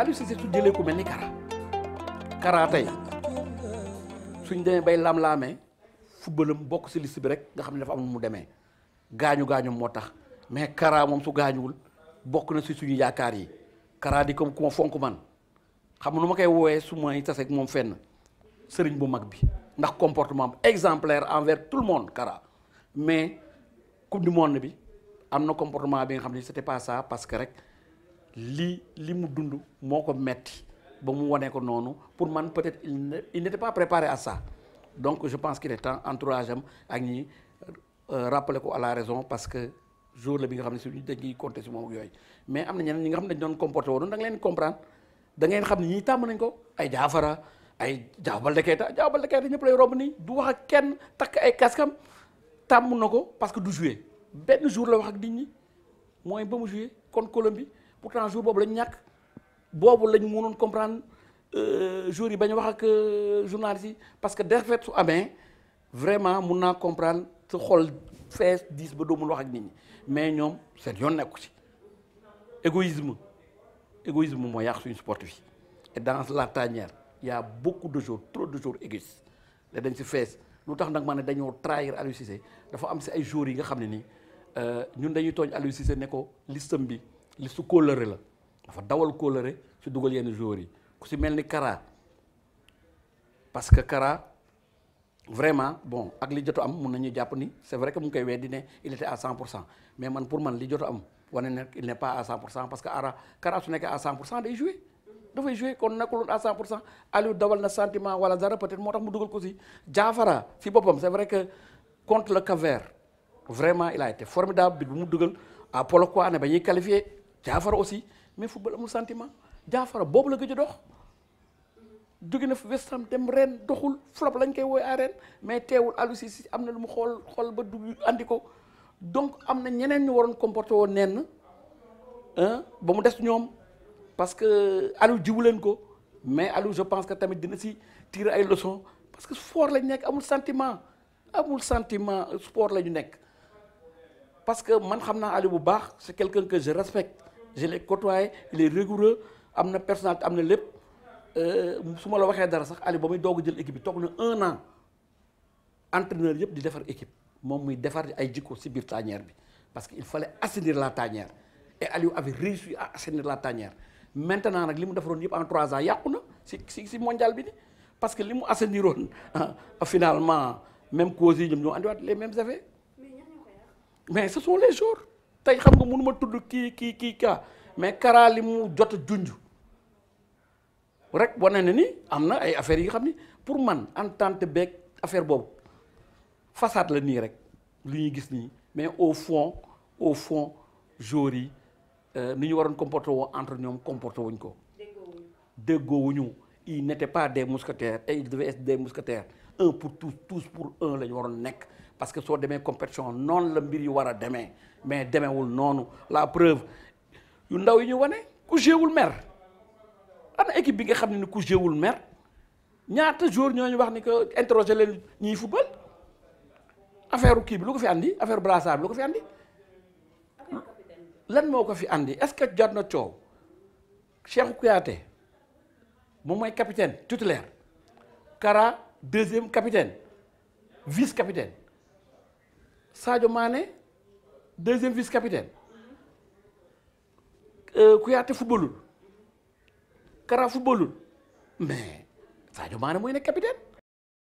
Aliou Cissé su jëlee ku mel ni Kara Kara tey suñ demee bay lam-laamee footballam bokk si liste bi rek nga xam ne dafa am mu demee gaañu gaañu moo tax mais Kara moom su gaañuwul bokk na si suñu yaakaar yi Kara di comme ku ma fonk man xam nu ma koy woowee su may taseeg moom fenn sëriñ bu mag bi ndax comportement exemplaire envers tout le monde Kara mais coupe du monde bi amna comportement bi nga xamni c'était pas ça parce que rek li li mu dund moko metti ba mu woné ko noonu pour man peut-être il n'était pas préparé à ça donc je pense qu'il est temps entourage am ak ñi euh, rappeler ko à la raison parce que jour le bi nga xamni suñu suñu dañuy compter si mom ak yoy mais amna na ñi nga xamni dañ doon comporter woon da nga leen comprendre da ngeen xamni ñi tam nañ ko ay jafara ay jaabal de keeta jaabal de keeta ñëpp lay rob ni du wax ak kenn tak ay casque tam na parce que du jouer benn jour la wax ak nit ñi mooy ba mu joué contre Colombie pourtant jour bobu lañ ñak bobu lañ mënon comprendre euh, jour yi bañ wax ak euh, journaliste parce que fait su amee vraiment mun naa comprendre sa xol fess diis ba doo mun wax ak nit ñi mais ñom c'est yon nekku ci égoïsme égoïsme moo yàq suñu sportif yi et dans la tanière il y a beaucoup de jours trop de jours égoïstes dañ ci fess lu tax nag ma ne trahir alucisé dafa am ci ay jours yi nga xam ni Euh, ñun ñu tooñ Aliou Cissé ne ko listam bi su kóolëre la dafa dawal kóolëre ci dugal yenn joueurs yi ku si mel ni Kara parce que Kara vraiment bon ak li am mun nañu jàpp ni c'est vrai que mu ngi koy weddi ne il était à 100 pour cent mais man pour man li jotu am wane ne il n'est pas a 100 pour cent parce que Ara Kara su nekkee à 100 pour cent day joué dafay joué kon nekkuloon à 100 pour cent Aliou dawal na sentiment wala dara peut-être moo tax mu dugal ko si Diafara boppam c'est vrai que contre le cap vraiment il a été formidable bi mu dugal à Polo quoi ne pas y qualifié Jaafara aussi mais football amul sentiment Jaafara bobu la gëj dox jóge na West Ham dem ren doxul flop lañ koy woy à mais téwul alusi amna am na lu mu xool xool ba dugg andiko donc amna ñeneen ñu waroon comporté woon nenn hein, ba mu des parce que alu jiwu leen ko mais alu je pense que tamit dina si tirer ay leçons parce que sport lañ nek amul sentiment amul sentiment sport lañu nek parce que man xamna naa Aliou bu baax c'est quelqu'un que je respecte je l'ai côtoyé il est rigoureux amna personnel, personnalité am na lépp euh, su ma la waxee dara sax Aliou bamuy dogu jël équipe bi na un an entraîneur yep di defar équipe mom muy defar ay jikko ci biir tanière bi parce que il fallait assainir la tanière et Aliou avait réussi à assainir la tanière maintenant nak limu mu yep en 3 ans yakuna ci ci ci mondial bi ni parce que limu mu ah, finalement même causes yi ñoom andi andiwaat les mêmes effets mais ce sont les jours tey xam nga mënuma tudd kii kii kii kaa mais Kara li mu jot a rek wane na ni am na ay affaires yi nga xam ni pour man entente beeg affaire boobu façade la nii rek li ñuy gis nii mais au fond au fond jour yi euh, ni ñu waroon comporté woo entre ñoom comporté wuñ ko déggoowuñu ils n'étaient pas des mousquetaires et ils devaient être des mousquetaires un pour tous tous pour un les ñu parce que soo demee compétition noonu non mbir yu war Mais demee mais non. la preuve yu ndaw yi ñu wane ku jéewul mer ana équipe bi nga xam ne ni ku jéewul mer ñaata jour ñooñu wax ni que interroger leen ñiy football affaire kii bi lu ko fi andi affaire brassard bi lu ko fi andi lan moo fi andi est-ce que jot na Cheikh Kouyaté moom mooy capitaine titulaire Kara deuxième capitaine vice capitaine Sadio Mané deuxième vice capitaine euh, Kouyaté footballul Kara footballul mais Sadio Mané mooy nekk capitaine.